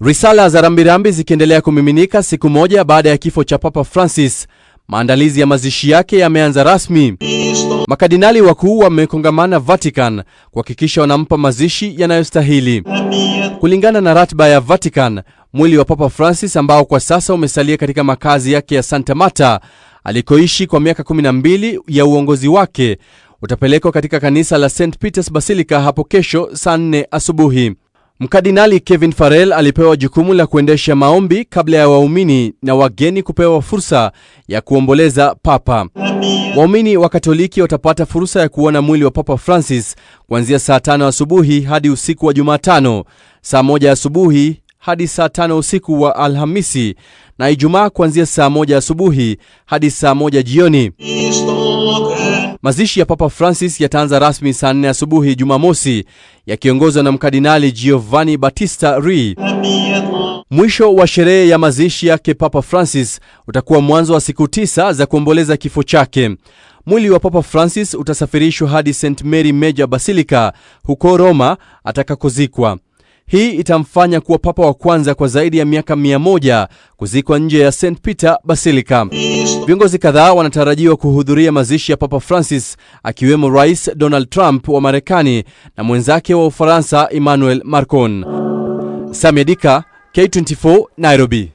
Risala za rambirambi zikiendelea kumiminika siku moja baada ya kifo cha Papa Francis, maandalizi ya mazishi yake yameanza rasmi. makadinali wakuu wamekongamana Vatican kuhakikisha wanampa mazishi yanayostahili. Kulingana na ratiba ya Vatican, mwili wa Papa Francis ambao kwa sasa umesalia katika makazi yake ya Santa Marta alikoishi kwa miaka 12 ya uongozi wake utapelekwa katika kanisa la St Peter's Basilica hapo kesho saa 4 asubuhi mkadinali Kevin Farrell alipewa jukumu la kuendesha maombi kabla ya waumini na wageni kupewa fursa ya kuomboleza Papa. Waumini wa Katoliki watapata fursa ya kuona mwili wa Papa Francis kuanzia saa tano asubuhi hadi usiku wa Jumatano, saa moja asubuhi hadi saa tano usiku wa Alhamisi na Ijumaa kuanzia saa moja asubuhi hadi saa moja jioni. Mazishi ya Papa Francis yataanza rasmi saa nne asubuhi Jumamosi, yakiongozwa na Mkardinali Giovanni Battista Re. Mwisho wa sherehe ya mazishi yake Papa Francis utakuwa mwanzo wa siku tisa za kuomboleza kifo chake. Mwili wa Papa Francis utasafirishwa hadi St Mary Major Basilica huko Roma atakakozikwa. Hii itamfanya kuwa papa wa kwanza kwa zaidi ya miaka mia moja kuzikwa nje ya St Peter Basilica. Viongozi kadhaa wanatarajiwa kuhudhuria mazishi ya Papa Francis akiwemo Rais Donald Trump wa Marekani na mwenzake wa Ufaransa Emmanuel Macron. Samia Dika, K24, Nairobi.